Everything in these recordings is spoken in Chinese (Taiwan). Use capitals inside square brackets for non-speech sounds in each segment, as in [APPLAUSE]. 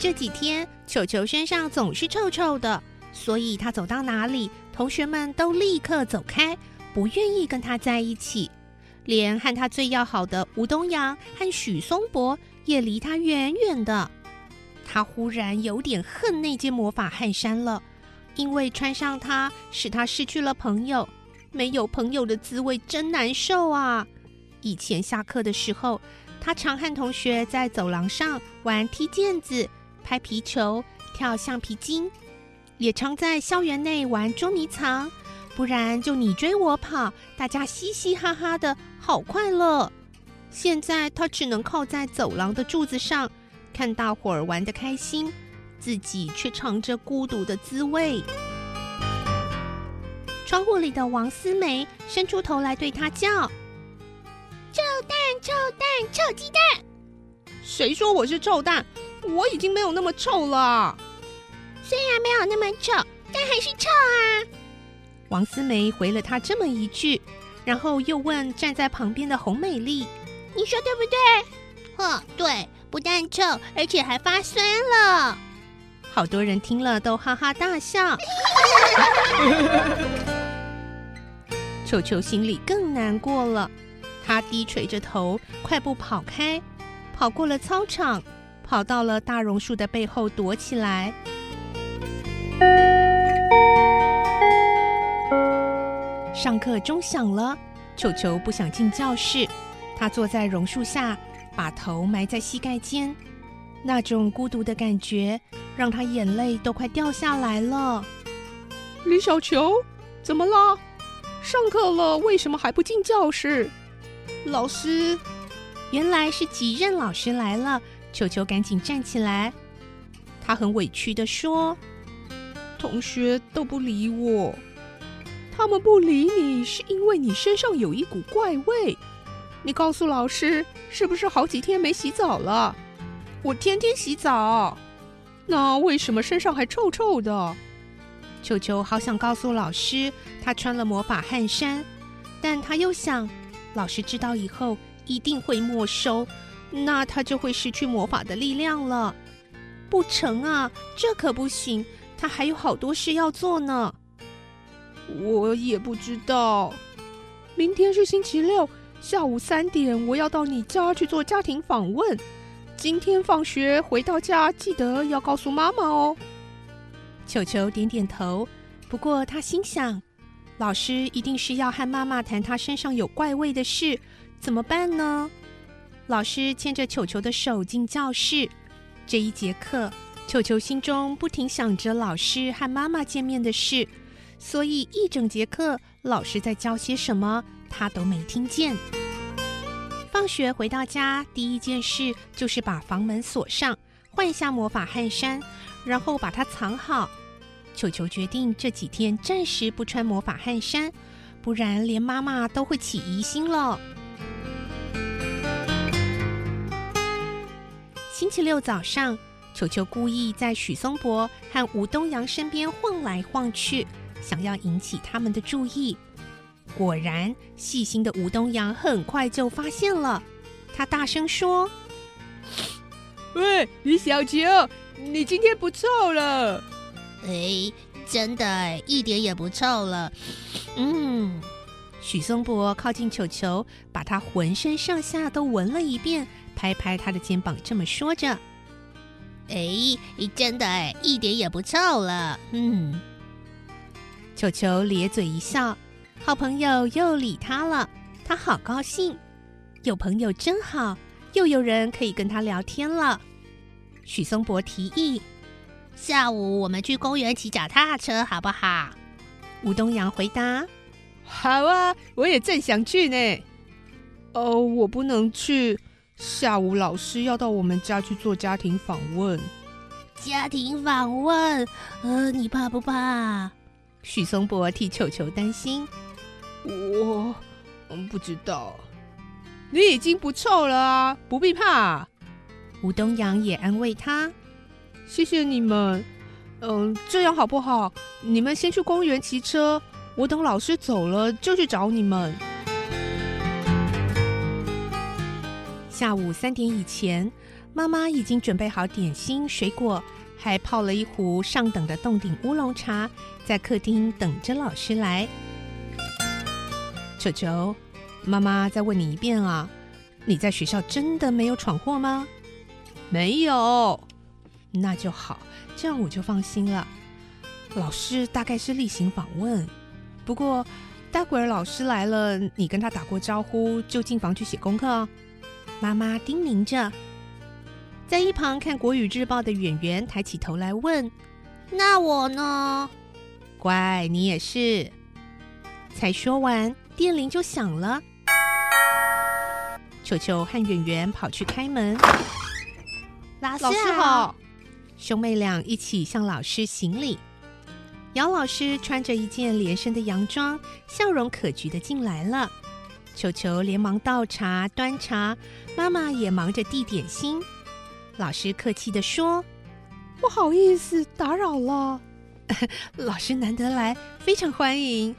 這幾天，裘裘身上總是臭臭的，所以他走到哪裡，同學們都立刻走開，不願意跟他在一起。連和他最要好的吳東陽和許松柏也離他遠遠的。他忽然有點恨那件魔法汗衫了，因為穿上它，使他失去了朋友。沒有朋友的滋味真難受啊！以前下課的時候，他常和同學在走廊上玩踢毽子。拍皮球、跳橡皮筋，也常在校園內玩捉迷藏，不然就你追我跑，大家嘻嘻哈哈的，好快樂。現在他只能靠在走廊的柱子上，看大夥兒玩得開心，自己卻嘗着孤獨的滋味。窗戶裡的王思梅伸出頭來，對他叫：“臭蛋，臭蛋，臭雞蛋！”誰說我是臭蛋？我已經沒有那麼臭了，雖然沒有那麼臭，但還是臭啊！王思梅回了他這麼一句，然後又問站在旁邊的洪美麗：“你說對不對？”“哼，對，不但臭，而且還發酸了。”好多人聽了都哈哈大笑。裘裘心裡更難過了，他低垂着頭，快步跑開，跑過了操場。跑到了大榕樹的背後躲起來。上課鐘響了，裘裘不想進教室。他坐在榕樹下，把頭埋在膝蓋間。那種孤獨的感覺讓他眼淚都快掉下來了。李小裘，怎麼了？上課了，為什麼還不進教室？老師，原來是吉任老師來了。裘裘趕緊站起來，他很委屈地說：“同學都不理我，他們不理你是因為你身上有一股怪味。你告訴老師，是不是好幾天沒洗澡了？我天天洗澡，那為什麼身上還臭臭的？”裘裘好想告訴老師，他穿了魔法汗衫，但他又想，老師知道以後一定會沒收。那他就會失去魔法的力量了，不成啊，這可不行。他還有好多事要做呢。我也不知道。明天是星期六下午三點，我要到你家去做家庭訪問。今天放學回到家，記得要告訴媽媽哦。裘裘點點頭，不過他心想，老師一定是要和媽媽談他身上有怪味的事，怎麼辦呢？老師牽着裘裘的手進教室。這一節課，裘裘心中不停想着老師和媽媽見面的事，所以一整節課老師在教些什麼，他都沒聽見。放學回到家，第一件事就是把房門鎖上，換下魔法汗衫，然後把它藏好。裘裘決定這幾天暫時不穿魔法汗衫，不然連媽媽都會起疑心了。星期六早上，裘裘故意在許松柏和吳東陽身邊晃來晃去，想要引起他們的注意。果然，細心的吳東陽很快就發現了。他大聲說：“喂，李小裘，你今天不臭了？哎，真的，一點也不臭了。”嗯，許松柏靠近裘裘，把他渾身上下都聞了一遍。拍拍他的肩膀，這麼說着：“哎、欸，真的誒，一點也不臭了。”嗯，裘裘咧嘴一笑，好朋友又理他了，他好高興。有朋友真好，又有人可以跟他聊天了。許松柏提議：“下午我們去公園騎腳踏車，好不好？”吳東陽回答：“好啊，我也正想去呢。”哦，我不能去。下午老師要到我們家去做家庭訪問。家庭訪問，呃，你怕不怕？許松柏替裘裘擔心。我，嗯，不知道。你已經不臭了啊，不必怕。吳東陽也安慰他。謝謝你們，嗯，這樣好不好？你們先去公園騎車，我等老師走了就去找你們。下午三點以前，媽媽已經準備好點心、水果，還泡了一壺上等的凍頂烏龍茶，在客廳等着老師來。裘裘， [NOISE] 媽媽再問你一遍啊，你在學校真的沒有闖禍嗎？沒有，那就好，這樣我就放心了。老師大概是例行訪問，不過待會兒老師來了，你跟他打過招呼就進房去寫功課啊。媽媽叮嚀着，在一旁看《國語日報》的遠遠抬起頭來問：“那我呢？”“乖，你也是。”才說完，電鈴就響了。裘裘 [NOISE] 和圓圓跑去開門。老師好！老師好！兄妹倆一起向老師行禮。姚老師穿着一件連身的洋裝，笑容可掬的進來了。裘裘連忙倒茶端茶，媽媽也忙着遞點心。老師客氣地說：“不好意思打擾了， [LAUGHS] 老師難得來，非常歡迎。”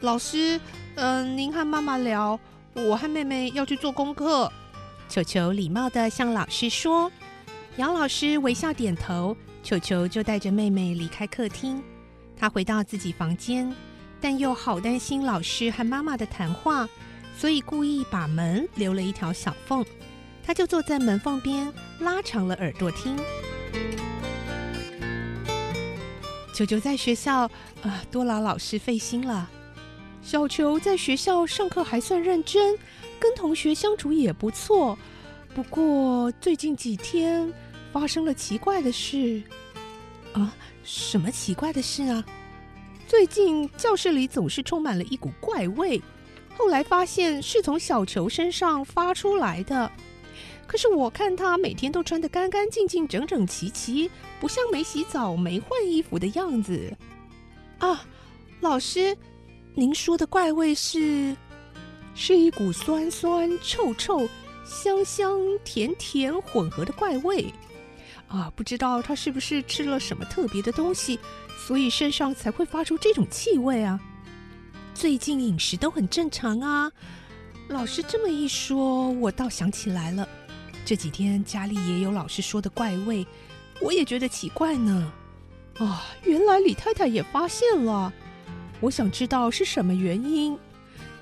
老師，嗯、呃，您和媽媽聊，我和妹妹要去做功課。裘裘禮貌地向老師說。楊老師微笑點頭，裘裘就帶着妹妹離開客廳。他回到自己房間，但又好擔心老師和媽媽的談話。所以故意把門留了一條小縫，他就坐在門縫邊，拉長了耳朵聽。 [NOISE] 裘裘在學校啊，多勞老師費心了。小裘在學校上課還算認真，跟同學相處也不錯。不過最近幾天發生了奇怪的事啊。什麼奇怪的事啊？最近教室裡總是充滿了一股怪味。後來發現是從小裘身上發出來的，可是我看他每天都穿得乾乾淨淨、整整齊齊，不像沒洗澡、沒換衣服的樣子。啊，老師，您說的怪味是是一股酸酸、臭臭、香香、甜甜混合的怪味啊？不知道他是不是吃了什麼特別的東西，所以身上才會發出這種氣味啊？最近飲食都很正常啊，老師這麼一說，我倒想起來了，這幾天家裡也有老師說的怪味，我也覺得奇怪呢。啊、哦，原來李太太也發現了，我想知道是什麼原因。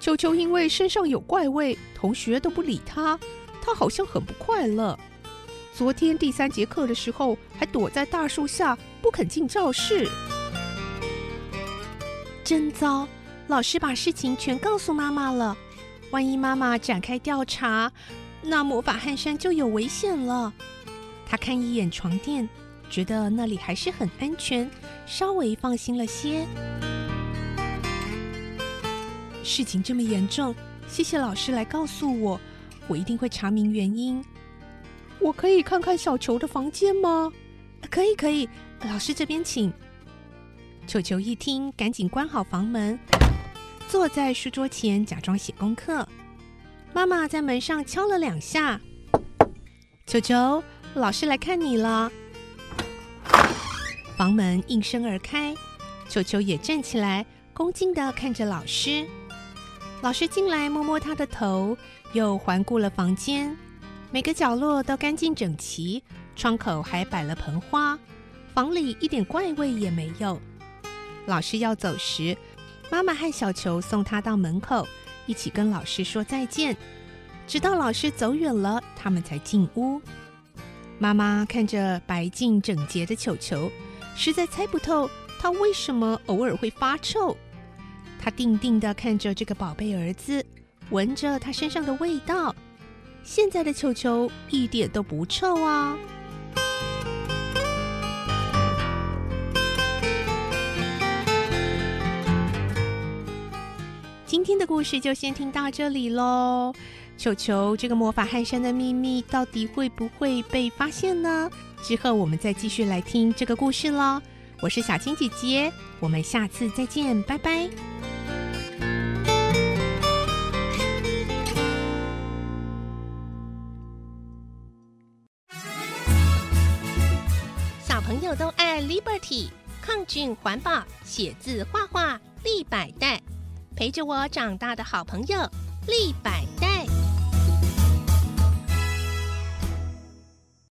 裘裘因為身上有怪味，同學都不理他，他好像很不快樂。昨天第三節課的時候，還躲在大樹下不肯進教室，真糟。老師把事情全告訴媽媽了，萬一媽媽展開調查，那魔法汗衫就有危險了。他看一眼床墊，覺得那裡還是很安全，稍微放心了些。事情這麼嚴重，謝謝老師來告訴我，我一定會查明原因。我可以看看小裘的房間嗎？可以，可以，老師這邊請。裘裘一聽，趕緊關好房門。坐在書桌前假裝寫功課，媽媽在門上敲了兩下：“裘裘，老師來看你了。”房門應聲而開，裘裘也站起來，恭敬地看着老師。老師進來摸摸他的頭，又環顧了房間，每個角落都乾淨整齊，窗口還擺了盆花，房裡一點怪味也沒有。老師要走時。媽媽和小球送他到門口，一起跟老師說再見，直到老師走遠了，他們才進屋。媽媽看着白淨整潔的球球，實在猜不透他為什麼偶爾會發臭。她定定地看着這個寶貝兒子，聞着他身上的味道。現在的球球一點都不臭啊！今天的故事就先聽到這裡嘍。裘裘，這個魔法汗衫的秘密到底會不會被發現呢？之後我們再繼續來聽這個故事嘍。我是小青姐姐，我們下次再見，拜拜。小朋友都愛 Liberty，抗菌環保，寫字畫畫，利百代。陪着我長大的好朋友，立百丹。